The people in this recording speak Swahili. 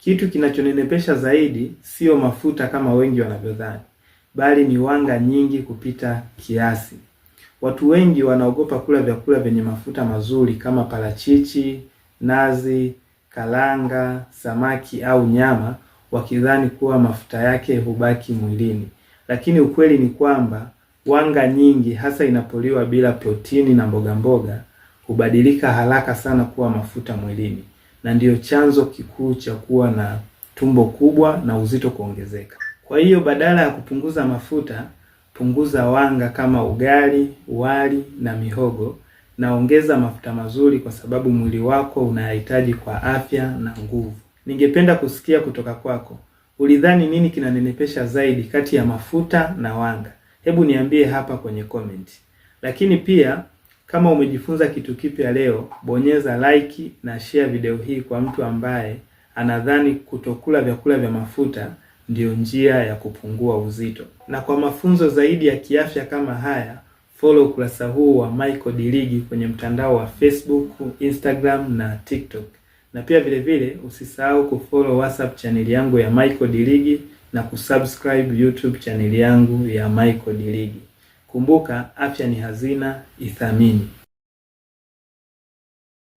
Kitu kinachonenepesha zaidi sio mafuta kama wengi wanavyodhani, bali ni wanga nyingi kupita kiasi. Watu wengi wanaogopa kula vyakula vyenye mafuta mazuri kama parachichi, nazi, karanga, samaki au nyama, wakidhani kuwa mafuta yake hubaki mwilini, lakini ukweli ni kwamba wanga nyingi, hasa inapoliwa bila protini na mboga mboga, hubadilika haraka sana kuwa mafuta mwilini na ndiyo chanzo kikuu cha kuwa na tumbo kubwa na uzito kuongezeka. Kwa hiyo badala ya kupunguza mafuta, punguza wanga kama ugali, wali na mihogo na ongeza mafuta mazuri kwa sababu mwili wako unayahitaji kwa afya na nguvu. Ningependa kusikia kutoka kwako. Ulidhani nini kinanenepesha zaidi kati ya mafuta na wanga? Hebu niambie hapa kwenye comment. Lakini pia kama umejifunza kitu kipya leo, bonyeza like na share video hii kwa mtu ambaye anadhani kutokula vyakula vya mafuta ndiyo njia ya kupungua uzito. Na kwa mafunzo zaidi ya kiafya kama haya, follow ukurasa huu wa Michael Diligi kwenye mtandao wa Facebook, Instagram na TikTok. Na pia vile vile usisahau kufollow WhatsApp chaneli yangu ya Michael Diligi na kusubscribe YouTube chaneli yangu ya Michael Diligi. Kumbuka, afya ni hazina, ithamini.